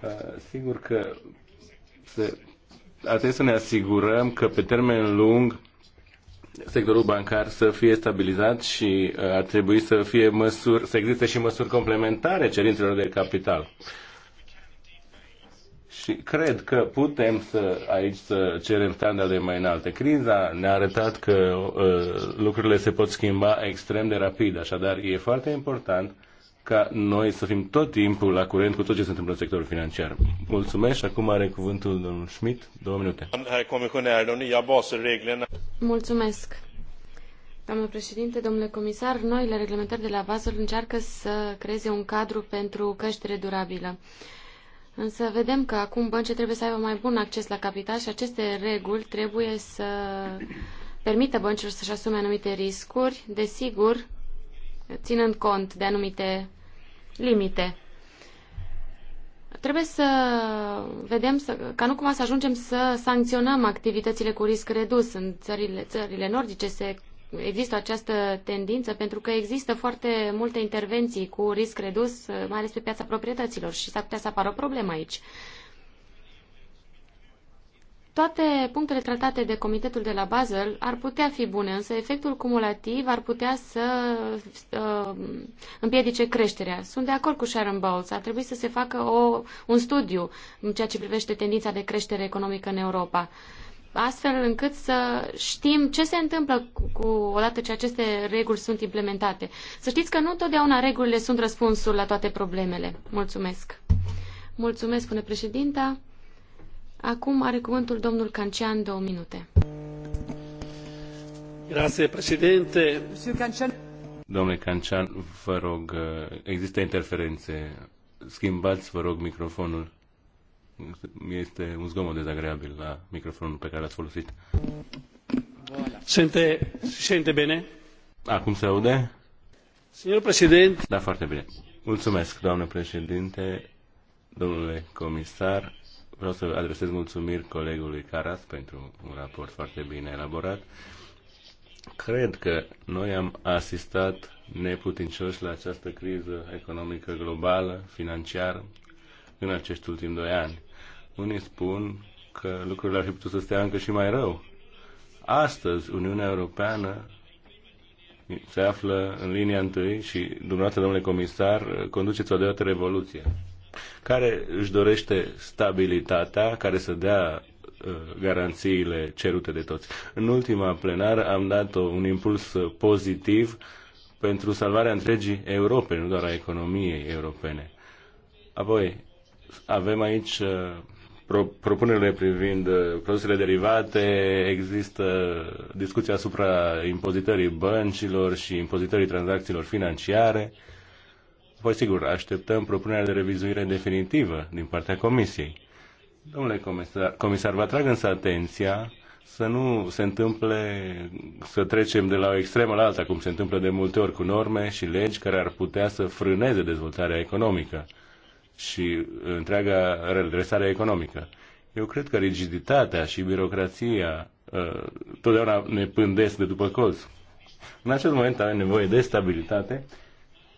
eh, sigur că se, ar trebui să ne asigurăm că pe termen lung sectorul bancar să fie stabilizat și eh, ar trebui să fie măsuri, să existe și măsuri complementare cerințelor de capital. Și cred că putem să aici să cerem standarde mai înalte. Criza ne-a arătat că uh, lucrurile se pot schimba extrem de rapid, așadar e foarte important ca noi să fim tot timpul la curent cu tot ce se întâmplă în sectorul financiar. Mulțumesc și acum are cuvântul domnul Schmidt. Două minute. Mulțumesc. Doamnă președinte, domnule comisar, noile reglementări de la Basel încearcă să creeze un cadru pentru creștere durabilă. Însă vedem că acum băncile trebuie să aibă mai bun acces la capital și aceste reguli trebuie să permită băncilor să-și asume anumite riscuri, desigur, ținând cont de anumite limite. Trebuie să vedem să, ca nu cumva să ajungem să sancționăm activitățile cu risc redus. În țările, țările nordice se există această tendință pentru că există foarte multe intervenții cu risc redus, mai ales pe piața proprietăților și s-ar putea să apară o problemă aici. Toate punctele tratate de Comitetul de la Basel ar putea fi bune, însă efectul cumulativ ar putea să uh, împiedice creșterea. Sunt de acord cu Sharon Bowles. Ar trebui să se facă o, un studiu în ceea ce privește tendința de creștere economică în Europa. Uh, astfel încât să știm ce se întâmplă cu odată ce aceste reguli sunt implementate. Să știți că nu întotdeauna regulile sunt răspunsul la toate problemele. Mulțumesc. Mulțumesc, spune președinta. Acum are cuvântul domnul Cancian, două minute. Grazie, președinte. Domnule Cancian, vă rog, există interferențe. Schimbați, vă rog, microfonul este un zgomot dezagreabil la microfonul pe care l-ați folosit. Sente, sente bine? Acum se aude? Signor președinte. Da, foarte bine. Mulțumesc, doamnă președinte, domnule comisar. Vreau să adresez mulțumiri colegului Caras pentru un raport foarte bine elaborat. Cred că noi am asistat neputincioși la această criză economică globală, financiară, în acești ultimi doi ani. Unii spun că lucrurile ar fi putut să stea încă și mai rău. Astăzi, Uniunea Europeană se află în linia întâi și, dumneavoastră, domnule comisar, conduceți o deodată revoluție care își dorește stabilitatea, care să dea uh, garanțiile cerute de toți. În ultima plenară am dat un impuls pozitiv pentru salvarea întregii Europe, nu doar a economiei europene. Apoi, avem aici uh, propunerile privind uh, produsele derivate, există discuția asupra impozitării băncilor și impozitării tranzacțiilor financiare. Păi sigur, așteptăm propunerea de revizuire definitivă din partea Comisiei. Domnule comisar, comisar vă atrag însă atenția să nu se întâmple să trecem de la o extremă la alta, cum se întâmplă de multe ori cu norme și legi care ar putea să frâneze dezvoltarea economică și întreaga redresare economică. Eu cred că rigiditatea și birocrația uh, totdeauna ne pândesc de după colț. În acest moment avem nevoie de stabilitate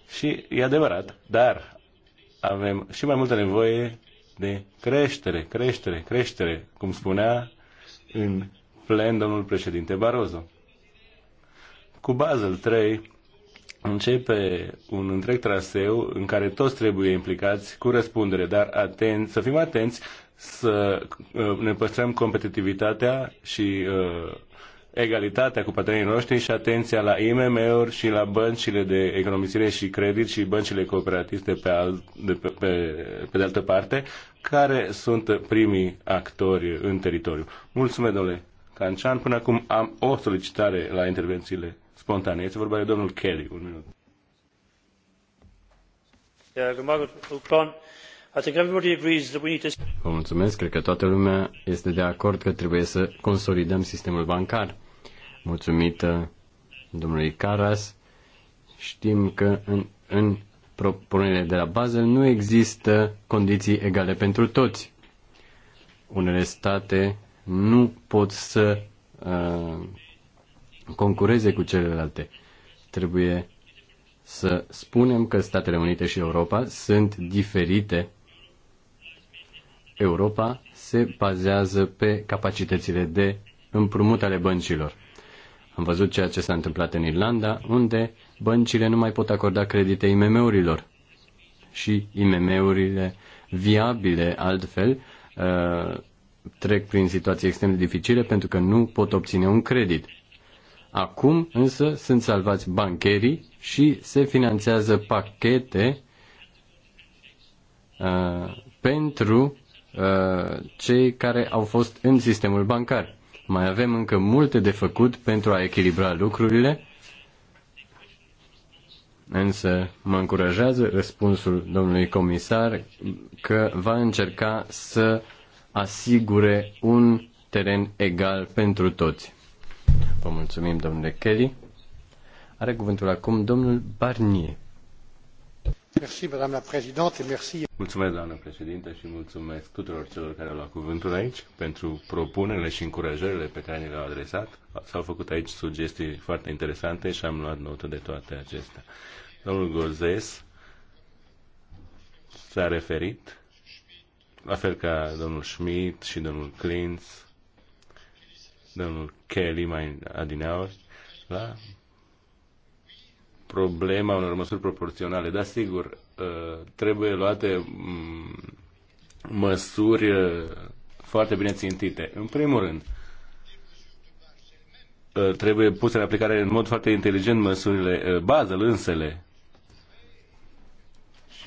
și e adevărat, dar avem și mai multă nevoie de creștere, creștere, creștere, cum spunea în plen domnul președinte Barroso. Cu Basel 3 începe un întreg traseu în care toți trebuie implicați cu răspundere, dar aten- să fim atenți să uh, ne păstrăm competitivitatea și uh, egalitatea cu patronii noștri și atenția la IMM-uri și la băncile de economisire și credit și băncile cooperatiste pe, al, de, pe, pe, pe de altă parte, care sunt primii actori în teritoriu. Mulțumesc, domnule Cancian. Până acum am o solicitare la intervențiile spontane. Este vorba de domnul Kelly. Un minut. Vă mulțumesc. Cred că toată lumea este de acord că trebuie să consolidăm sistemul bancar. Mulțumită uh, domnului Caras, știm că în, în propunerile de la Basel nu există condiții egale pentru toți. Unele state nu pot să uh, concureze cu celelalte. Trebuie să spunem că Statele Unite și Europa sunt diferite. Europa se bazează pe capacitățile de împrumut ale băncilor. Am văzut ceea ce s-a întâmplat în Irlanda, unde băncile nu mai pot acorda credite IMM-urilor. Și IMM-urile viabile, altfel, uh, trec prin situații extrem de dificile pentru că nu pot obține un credit. Acum însă sunt salvați bancherii și se finanțează pachete uh, pentru uh, cei care au fost în sistemul bancar. Mai avem încă multe de făcut pentru a echilibra lucrurile, însă mă încurajează răspunsul domnului comisar că va încerca să asigure un teren egal pentru toți. Vă mulțumim, domnule Kelly. Are cuvântul acum domnul Barnier. Merci, madame la présidente, et merci... Mulțumesc, doamnă președinte, și mulțumesc tuturor celor care au luat cuvântul aici pentru propunerile și încurajările pe care ni le-au adresat. S-au făcut aici sugestii foarte interesante și am luat notă de toate acestea. Domnul Gozes s-a referit, la fel ca domnul Schmidt și domnul Klintz, domnul Kelly mai adineauri la problema unor măsuri proporționale. Dar sigur, uh, trebuie luate mm, măsuri uh, foarte bine țintite. În primul rând, uh, trebuie puse în aplicare în mod foarte inteligent măsurile, bază, lânsele,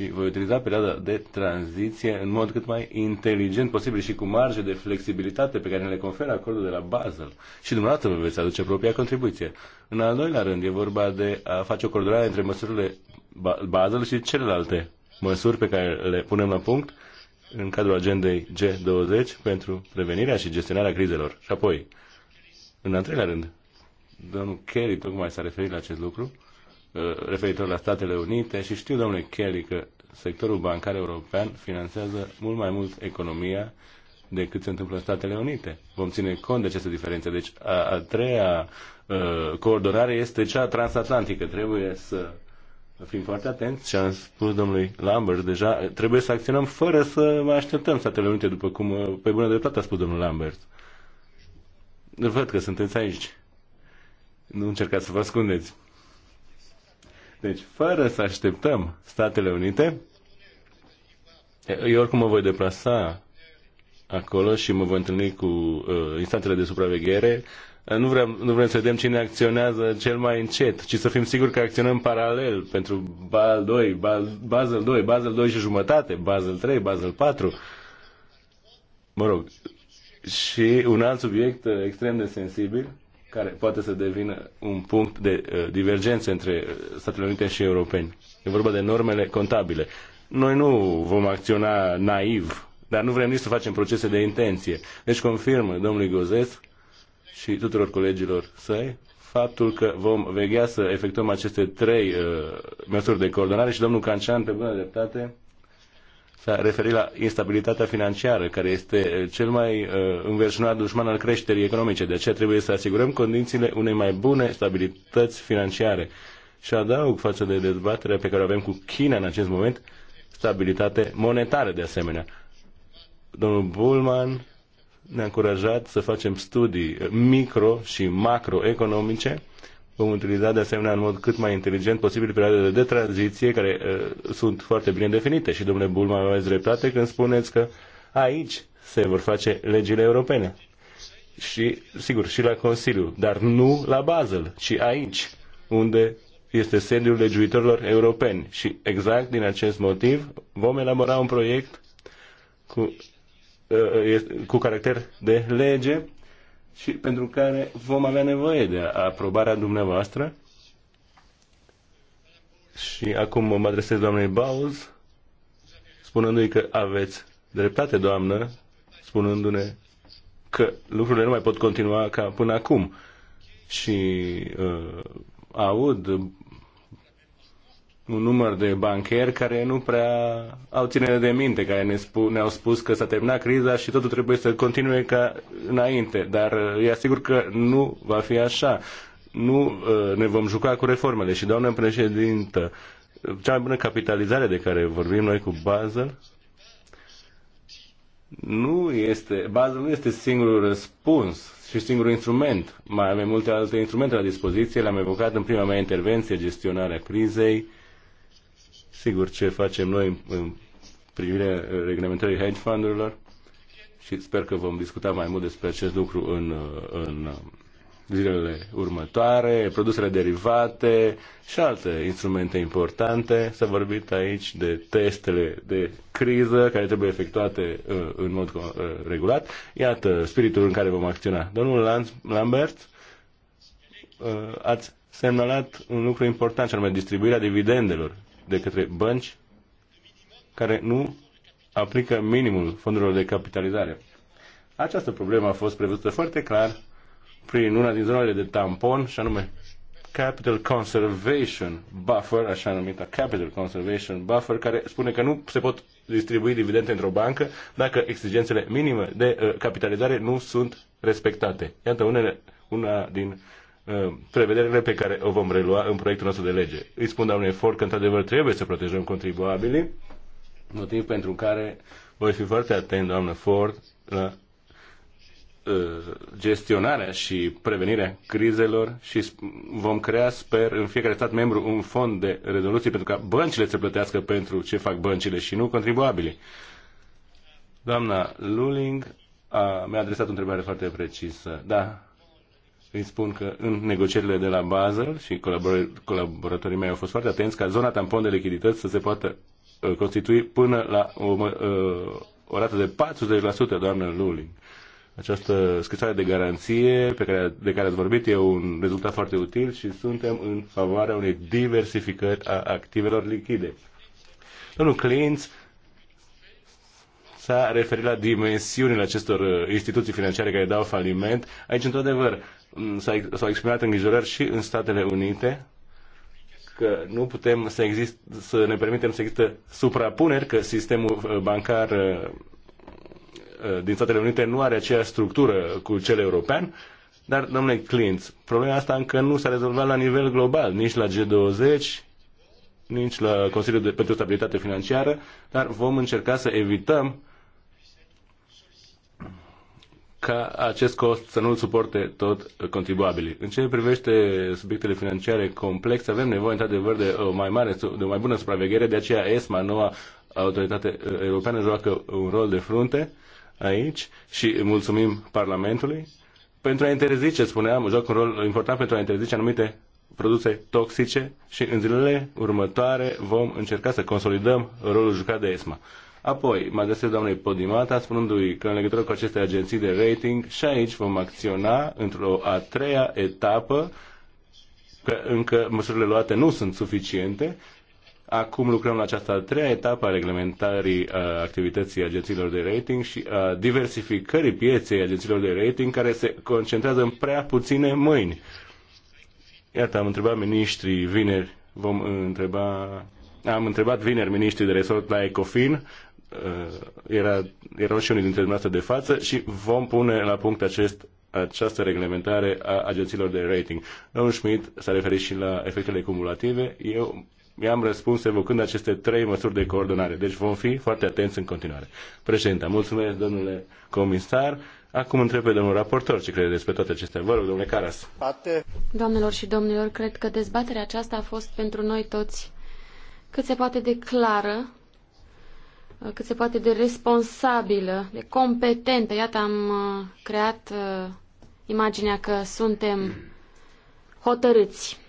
și voi utiliza perioada de tranziție în mod cât mai inteligent posibil și cu marge de flexibilitate pe care ne le conferă acordul de la Basel. Și dumneavoastră vă veți aduce propria contribuție. În al doilea rând, e vorba de a face o coordonare între măsurile Basel și celelalte măsuri pe care le punem la punct în cadrul agendei G20 pentru prevenirea și gestionarea crizelor. Și apoi, în al treilea rând, domnul Kerry tocmai s-a referit la acest lucru, Uh, referitor la Statele Unite și știu, domnule Kelly, că sectorul bancar european finanțează mult mai mult economia decât se întâmplă în Statele Unite. Vom ține cont de aceste diferențe. Deci a, a treia a, uh, coordonare este cea transatlantică. Trebuie să fim foarte atenți și am spus domnului Lambert deja, trebuie să acționăm fără să mai așteptăm Statele Unite, după cum uh, pe bună dreptate a spus domnul Lambert. Văd că sunteți aici. Nu încercați să vă ascundeți. Deci, fără să așteptăm Statele Unite, eu oricum mă voi deplasa acolo și mă voi întâlni cu uh, instanțele de supraveghere. Uh, nu vrem, nu vrem să vedem cine acționează cel mai încet, ci să fim siguri că acționăm paralel pentru Basel 2, Basel 2, Basel 2 și jumătate, Basel 3, Basel 4. Mă rog, și un alt subiect uh, extrem de sensibil care poate să devină un punct de uh, divergență între uh, Statele Unite și europeni. E vorba de normele contabile. Noi nu vom acționa naiv, dar nu vrem nici să facem procese de intenție. Deci confirm domnului Gozes și tuturor colegilor săi faptul că vom veghea să efectuăm aceste trei uh, măsuri de coordonare și domnul Cancian, pe bună dreptate, s-a referit la instabilitatea financiară, care este eh, cel mai uh, înverșunat dușman al creșterii economice. De aceea trebuie să asigurăm condițiile unei mai bune stabilități financiare. Și adaug față de dezbaterea pe care o avem cu China în acest moment, stabilitate monetară de asemenea. Domnul Bulman ne-a încurajat să facem studii micro și macroeconomice Vom utiliza de asemenea în mod cât mai inteligent posibil perioadele de tranziție care uh, sunt foarte bine definite și domnule Bulma aveți dreptate când spuneți că aici se vor face legile europene. Și, sigur, și la Consiliu, dar nu la Basel, ci aici, unde este sediul legiuitorilor europeni. Și exact din acest motiv vom elabora un proiect cu, uh, cu caracter de lege și pentru care vom avea nevoie de aprobarea dumneavoastră. Și acum mă adresez doamnei Bauz, spunându-i că aveți dreptate, doamnă, spunându-ne că lucrurile nu mai pot continua ca până acum. Și uh, aud un număr de bancheri care nu prea au ținere de minte, care ne spu- ne-au spus că s-a terminat criza și totul trebuie să continue ca înainte. Dar uh, e asigur că nu va fi așa. Nu uh, ne vom juca cu reformele. Și, doamnă președintă, cea mai bună capitalizare de care vorbim noi cu Basel nu este, Basel nu este singurul răspuns și singurul instrument. Mai avem multe alte instrumente la dispoziție, le-am evocat în prima mea intervenție, gestionarea crizei, Sigur, ce facem noi în, privirea reglementării hedge fundurilor și sper că vom discuta mai mult despre acest lucru în, în zilele următoare, produsele derivate și alte instrumente importante. S-a vorbit aici de testele de criză care trebuie efectuate uh, în mod uh, regulat. Iată spiritul în care vom acționa. Domnul Lambert, uh, ați semnalat un lucru important, și anume distribuirea dividendelor de către bănci care nu aplică minimul fondurilor de capitalizare. Această problemă a fost prevăzută foarte clar prin una din zonele de tampon, și anume Capital Conservation Buffer, așa numită Capital Conservation Buffer, care spune că nu se pot distribui dividende într-o bancă dacă exigențele minime de uh, capitalizare nu sunt respectate. Iată unele, una din Uh, prevederile pe care o vom relua în proiectul nostru de lege. Îi spun doamne Ford că într-adevăr trebuie să protejăm contribuabilii, motiv pentru care voi fi foarte atent, doamnă Ford, la uh, gestionarea și prevenirea crizelor și vom crea, sper, în fiecare stat membru un fond de rezoluție pentru ca băncile să plătească pentru ce fac băncile și nu contribuabilii. Doamna Luling mi-a adresat o întrebare foarte precisă. Da, îi spun că în negocierile de la Basel și colaboratorii mei au fost foarte atenți ca zona tampon de lichidități să se poată uh, constitui până la o, uh, o rată de 40%, doamnă Luling. Această scrisoare de garanție pe care, de care ați vorbit e un rezultat foarte util și suntem în favoarea unei diversificări a activelor lichide. Domnul Clintz s-a referit la dimensiunile acestor uh, instituții financiare care dau faliment. Aici, într-adevăr, Mm, s-au exprimat îngrijorări și în Statele Unite că nu putem să, exist, să ne permitem să există suprapuneri, că sistemul uh, bancar uh, uh, din Statele Unite nu are aceeași structură cu cel european, dar, domnule Clint, problema asta încă nu s-a rezolvat la nivel global, nici la G20, nici la Consiliul de, pentru Stabilitate Financiară, dar vom încerca să evităm ca acest cost să nu-l suporte tot contribuabilii. În ce privește subiectele financiare complexe, avem nevoie într-adevăr de o mai mare, de o mai bună supraveghere, de aceea ESMA, noua autoritate uh, europeană, joacă un rol de frunte aici și mulțumim Parlamentului pentru a interzice, spuneam, joacă un rol important pentru a interzice anumite produse toxice și în zilele următoare vom încerca să consolidăm rolul jucat de ESMA. Apoi, mă adresez doamnei Podimata, spunându-i că în legătură cu aceste agenții de rating, și aici vom acționa într-o a treia etapă, că încă măsurile luate nu sunt suficiente. Acum lucrăm la această a treia etapă a reglementării a activității agențiilor de rating și a diversificării pieței agențiilor de rating, care se concentrează în prea puține mâini. Iată, am întrebat ministrii vineri, vom întreba am întrebat vineri ministrii de resort la Ecofin Uh, era, erau și unii dintre dumneavoastră de față și vom pune la punct acest, această reglementare a agențiilor de rating. Domnul Schmidt s-a referit și la efectele cumulative. Eu mi-am răspuns evocând aceste trei măsuri de coordonare. Deci vom fi foarte atenți în continuare. Președinte, mulțumesc, domnule comisar. Acum întreb pe domnul raportor ce crede despre toate acestea. Vă rog, domnule Caras. Doamnelor și domnilor, cred că dezbaterea aceasta a fost pentru noi toți cât se poate de clară cât se poate de responsabilă, de competentă. Iată, am uh, creat uh, imaginea că suntem hotărâți.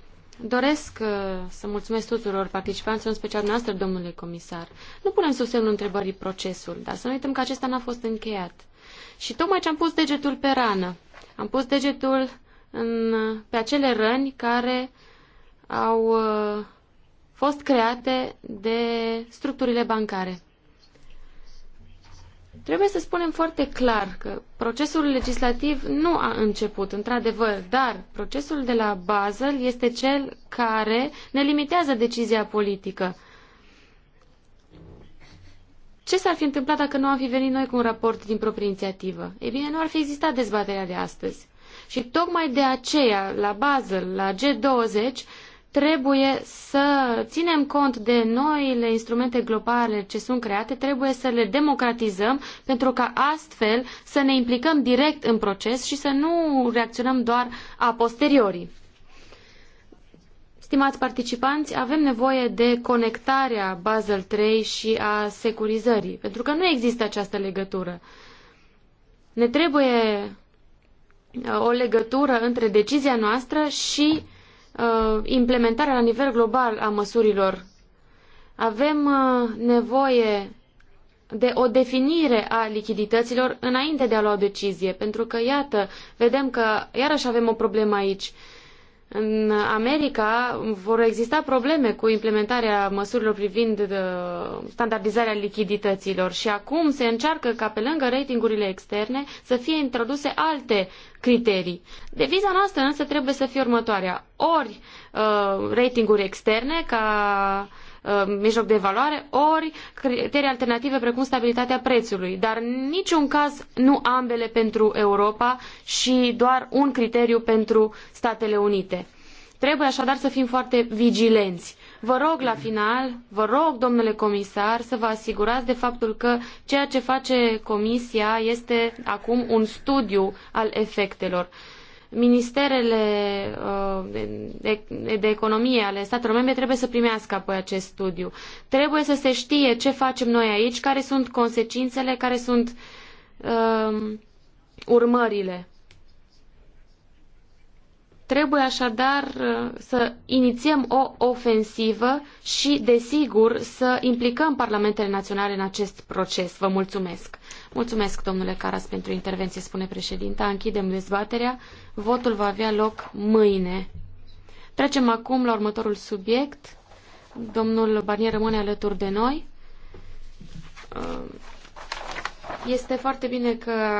Doresc uh, să mulțumesc tuturor participanților, în special noastră, domnule comisar. Nu punem sub semnul întrebării procesul, dar să nu uităm că acesta n-a fost încheiat. Și tocmai ce am pus degetul pe rană. Am pus degetul în, pe acele răni care au fost create de structurile bancare. Trebuie să spunem foarte clar că procesul legislativ nu a început, într-adevăr, dar procesul de la Basel este cel care ne limitează decizia politică. Ce s-ar fi întâmplat dacă nu am fi venit noi cu un raport din proprie inițiativă? Ei bine, nu ar fi existat dezbaterea de astăzi. Și tocmai de aceea, la Basel, la G20, trebuie să ținem cont de noile instrumente globale ce sunt create, trebuie să le democratizăm pentru ca astfel să ne implicăm direct în proces și să nu reacționăm doar a posteriori. Stimați participanți, avem nevoie de conectarea Basel III și a securizării, pentru că nu există această legătură. Ne trebuie uh, o legătură între decizia noastră și uh, uh, implementarea la nivel global a măsurilor. Avem uh, nevoie de o definire a lichidităților înainte de a lua o decizie, pentru că, iată, vedem că iarăși avem o problemă aici. Uh, în America vor exista probleme cu implementarea măsurilor privind uh, standardizarea lichidităților și acum se încearcă ca pe lângă ratingurile externe să fie introduse alte criterii. Deviza noastră însă trebuie să fie următoarea. Ori uh, ratinguri externe ca Uh, mijloc de evaluare, ori criterii alternative precum stabilitatea prețului. Dar în niciun caz nu ambele pentru Europa și doar un criteriu pentru Statele Unite. Trebuie așadar să fim foarte vigilenți. Vă rog la final, vă rog, domnule comisar, să vă asigurați de faptul că ceea ce face comisia este acum un studiu al efectelor. Ministerele uh, de economie ale statelor membre trebuie să primească apoi acest studiu. Trebuie să se știe ce facem noi aici, care sunt consecințele, care sunt um, urmările. Trebuie așadar uh, să inițiem o ofensivă și, desigur, să implicăm parlamentele naționale în acest proces. Vă mulțumesc! Mulțumesc, domnule Caras, pentru intervenție, spune președinta. Închidem dezbaterea. Votul va avea loc mâine. Trecem acum la următorul subiect. Domnul Barnier rămâne alături de noi. Este foarte bine că